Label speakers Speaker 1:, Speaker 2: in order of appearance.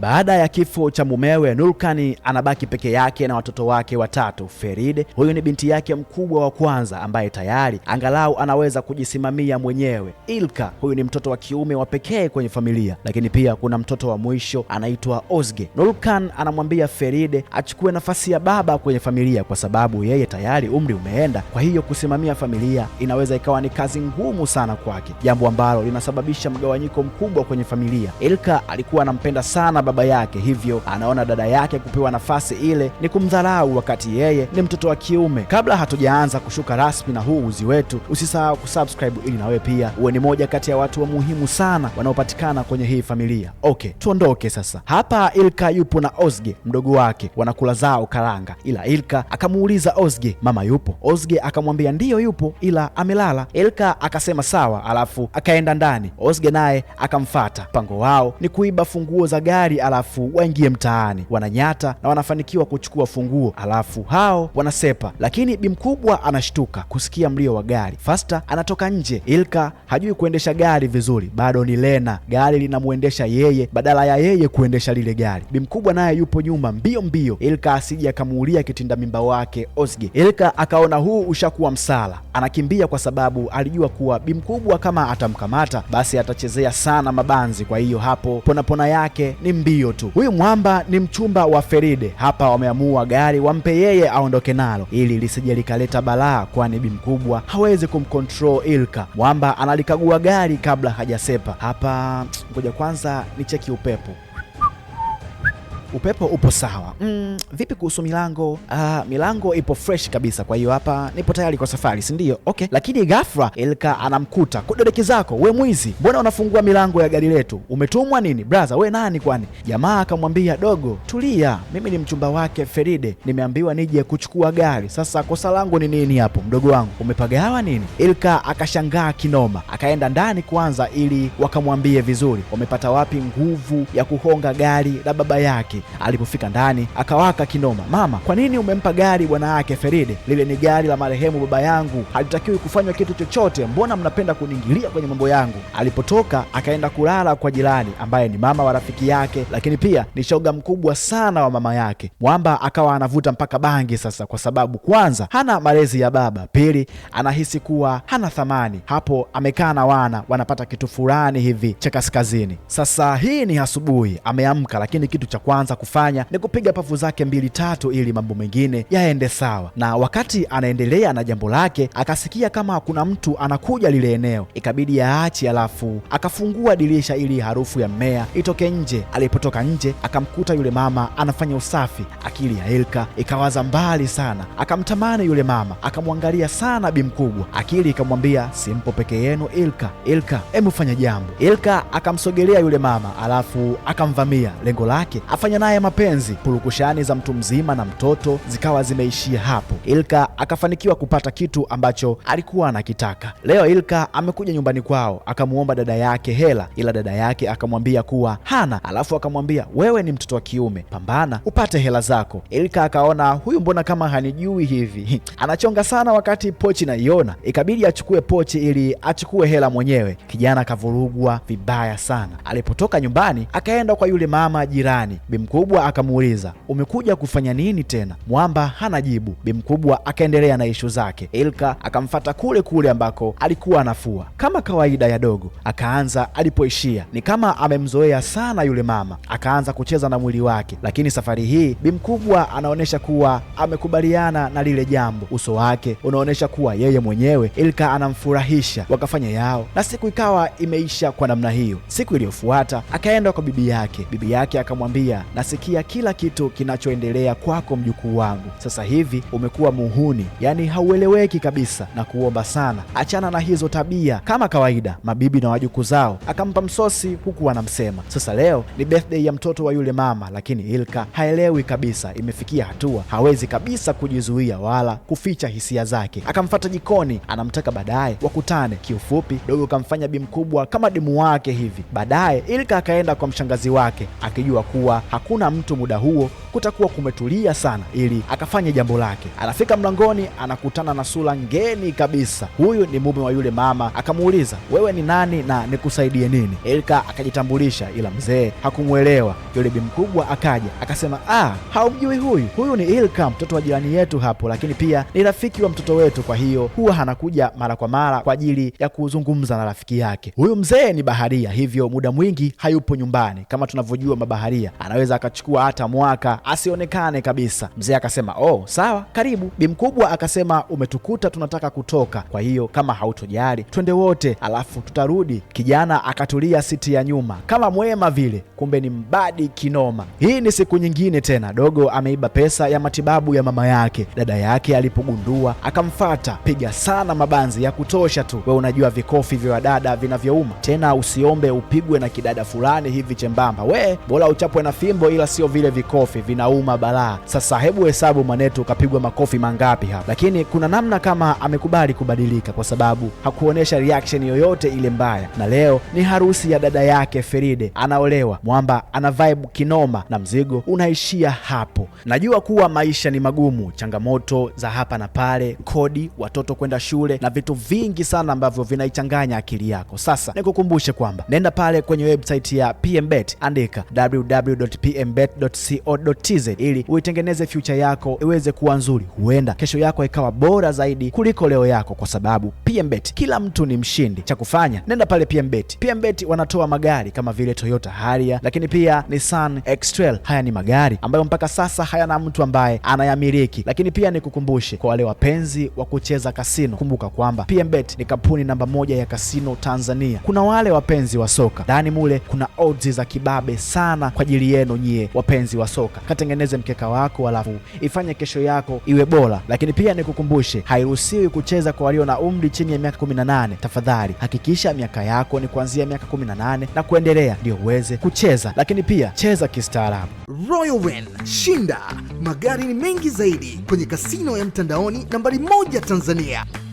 Speaker 1: Baada ya kifo cha mumewe, Nurkani anabaki peke yake na watoto wake watatu. Feride, huyu ni binti yake mkubwa wa kwanza ambaye tayari angalau anaweza kujisimamia mwenyewe. Ilka, huyu ni mtoto wa kiume wa pekee kwenye familia, lakini pia kuna mtoto wa mwisho anaitwa Ozge. Nurkan anamwambia Feride achukue nafasi ya baba kwenye familia kwa sababu yeye tayari umri umeenda, kwa hiyo kusimamia familia inaweza ikawa ni kazi ngumu sana kwake, jambo ambalo linasababisha mgawanyiko mkubwa kwenye familia. Ilka alikuwa anampenda sana baba yake, hivyo anaona dada yake kupewa nafasi ile ni kumdharau, wakati yeye ni mtoto wa kiume. Kabla hatujaanza kushuka rasmi na huu uzi wetu, usisahau kusubscribe ili nawe pia uwe ni moja kati ya watu wa muhimu sana wanaopatikana kwenye hii familia. Okay, tuondoke sasa. Hapa Ilka yupo na osge mdogo wake, wanakula zao karanga, ila Ilka akamuuliza osge mama yupo? osge akamwambia ndiyo yupo, ila amelala. Ilka akasema sawa, alafu akaenda ndani. osge naye akamfata. Mpango wao ni kuiba funguo za gari alafu waingie mtaani, wananyata na wanafanikiwa kuchukua funguo, alafu hao wanasepa. Lakini bimkubwa anashtuka kusikia mlio wa gari. Fasta anatoka nje, Ilka hajui kuendesha gari vizuri, bado ni Lena, gari linamwendesha yeye badala ya yeye kuendesha lile gari. Bimkubwa naye yupo nyuma mbio mbio, Ilka asije akamuulia kitinda mimba wake Osge. Ilka akaona huu ushakuwa msala, anakimbia kwa sababu alijua kuwa bimkubwa kama atamkamata basi atachezea sana mabanzi, kwa hiyo hapo ponapona pona yake ni mbio jaribio tu. Huyu mwamba ni mchumba wa Feride, hapa wameamua gari wampe yeye aondoke nalo ili lisije likaleta balaa, kwani bi mkubwa hawezi kumcontrol Ilka. Mwamba analikagua gari kabla hajasepa. Hapa ngoja kwanza nicheki upepo upepo upo sawa. Mm, vipi kuhusu milango? Ah, milango ipo fresh kabisa, kwa hiyo hapa nipo tayari kwa safari, si ndio? Okay, lakini ghafla Elka anamkuta kudodeki zako, we mwizi, mbona unafungua milango ya gari letu? Umetumwa nini braza, we nani kwani? Jamaa akamwambia dogo, tulia, mimi ni mchumba wake Feride, nimeambiwa nije kuchukua gari. Sasa kosa langu ni nini hapo, mdogo wangu? Umepagawa nini? Elka akashangaa kinoma, akaenda ndani kwanza ili wakamwambie vizuri, wamepata wapi nguvu ya kuhonga gari la baba yake yake. Alipofika ndani akawaka kinoma. Mama, kwa nini umempa gari bwana yake Feride? Lile ni gari la marehemu baba yangu, halitakiwi kufanywa kitu chochote. Mbona mnapenda kuniingilia kwenye mambo yangu? Alipotoka akaenda kulala kwa jirani ambaye ni mama wa rafiki yake, lakini pia ni shoga mkubwa sana wa mama yake. Mwamba akawa anavuta mpaka bangi sasa, kwa sababu kwanza hana malezi ya baba, pili anahisi kuwa hana thamani. Hapo amekaa na wana wanapata kitu fulani hivi cha kaskazini. Sasa hii ni asubuhi, ameamka, lakini kitu cha kwanza anaanza kufanya ni kupiga pafu zake mbili tatu, ili mambo mengine yaende sawa. Na wakati anaendelea na jambo lake, akasikia kama kuna mtu anakuja lile eneo, ikabidi yaache, alafu akafungua dirisha ili harufu ya mmea itoke nje. Alipotoka nje, akamkuta yule mama anafanya usafi. Akili ya Ilka ikawaza mbali sana, akamtamani yule mama, akamwangalia sana bi mkubwa. Akili ikamwambia simpo peke yenu Ilka, Ilka hebu fanya jambo. Ilka akamsogelea yule mama, alafu akamvamia. Lengo lake afanya naye mapenzi. Purukushani za mtu mzima na mtoto zikawa zimeishia hapo. Ilka akafanikiwa kupata kitu ambacho alikuwa anakitaka. Leo Ilka amekuja nyumbani kwao, akamuomba dada yake hela, ila dada yake akamwambia kuwa hana, alafu akamwambia wewe ni mtoto wa kiume, pambana upate hela zako. Ilka akaona huyu mbona kama hanijui hivi anachonga sana. Wakati pochi naiona, ikabidi achukue pochi ili achukue hela mwenyewe. Kijana akavurugwa vibaya sana. Alipotoka nyumbani, akaenda kwa yule mama jirani Bim Mkubwa akamuuliza umekuja kufanya nini tena? Mwamba hana jibu. Bi Mkubwa akaendelea na ishu zake. Ilka akamfata kule kule ambako alikuwa anafua kama kawaida ya dogo, akaanza alipoishia. Ni kama amemzoea sana yule mama, akaanza kucheza na mwili wake, lakini safari hii Bi Mkubwa anaonyesha kuwa amekubaliana na lile jambo. Uso wake unaonyesha kuwa yeye mwenyewe Ilka anamfurahisha. Wakafanya yao na siku ikawa imeisha kwa namna hiyo. Siku iliyofuata akaenda kwa bibi yake, bibi yake akamwambia nasikia kila kitu kinachoendelea kwako, mjukuu wangu. Sasa hivi umekuwa muhuni, yaani haueleweki kabisa, na kuomba sana achana na hizo tabia. Kama kawaida, mabibi na wajukuu zao akampa msosi huku anamsema. Sasa leo ni birthday ya mtoto wa yule mama, lakini Ilka haelewi kabisa. Imefikia hatua hawezi kabisa kujizuia wala kuficha hisia zake. Akamfata jikoni, anamtaka baadaye wakutane. Kiufupi, dogo kamfanya bi mkubwa kama dimu wake hivi. Baadaye Ilka akaenda kwa mshangazi wake akijua kuwa haku hakuna mtu muda huo kutakuwa kumetulia sana, ili akafanye jambo lake. Anafika mlangoni, anakutana na sura ngeni kabisa. Huyu ni mume wa yule mama, akamuuliza wewe ni nani na nikusaidie nini? Elka akajitambulisha, ila mzee hakumwelewa. Yule bi mkubwa akaja akasema, ah, haumjui huyu? Huyu ni Ilka, mtoto wa jirani yetu hapo, lakini pia ni rafiki wa mtoto wetu, kwa hiyo huwa anakuja mara kwa mara kwa ajili ya kuzungumza na rafiki yake. Huyu mzee ni baharia, hivyo muda mwingi hayupo nyumbani. Kama tunavyojua mabaharia anaweza akachukua hata mwaka asionekane kabisa. Mzee akasema oh, sawa, karibu. Bi mkubwa akasema umetukuta tunataka kutoka, kwa hiyo kama hautojali twende wote, alafu tutarudi. Kijana akatulia siti ya nyuma kama mwema vile, kumbe ni mbadi kinoma. Hii ni siku nyingine tena, dogo ameiba pesa ya matibabu ya mama yake. Dada yake alipogundua akamfata, piga sana mabanzi ya kutosha tu. We unajua vikofi vya wadada vinavyouma tena, usiombe upigwe na kidada fulani hivi chembamba, we bora uchapwe na fimbo, ila sio vile vikofi vinauma balaa. Sasa hebu hesabu mwanetu kapigwa makofi mangapi hapa, lakini kuna namna kama amekubali kubadilika, kwa sababu hakuonyesha reaction yoyote ile mbaya. Na leo ni harusi ya dada yake Feride, anaolewa. Mwamba ana vibe kinoma na mzigo unaishia hapo. Najua kuwa maisha ni magumu, changamoto za hapa na pale, kodi, watoto kwenda shule na vitu vingi sana ambavyo vinaichanganya akili yako. Sasa nikukumbushe kwamba nenda pale kwenye website ya PMBet, andika www.pmbet.co TZ ili uitengeneze future yako iweze kuwa nzuri, huenda kesho yako ikawa bora zaidi kuliko leo yako, kwa sababu PMBet kila mtu ni mshindi. Cha kufanya nenda pale PMBet. PMBet wanatoa magari kama vile Toyota Harrier, lakini pia Nissan X-Trail. Haya ni magari ambayo mpaka sasa hayana mtu ambaye anayamiliki, lakini pia nikukumbushe kwa wale wapenzi wa kucheza kasino, kumbuka kwamba PMBet ni kampuni namba moja ya kasino Tanzania. Kuna wale wapenzi wa soka ndani mule, kuna odds za kibabe sana kwa ajili yenu nyie wapenzi wa soka katengeneze mkeka wako, alafu ifanye kesho yako iwe bora. Lakini pia nikukumbushe, hairuhusiwi kucheza kwa walio na umri chini ya miaka 18. Tafadhali hakikisha miaka yako ni kuanzia miaka 18 na kuendelea, ndio uweze kucheza, lakini pia cheza kistaarabu.
Speaker 2: Royal Win, shinda magari ni mengi zaidi kwenye kasino ya mtandaoni nambari moja Tanzania.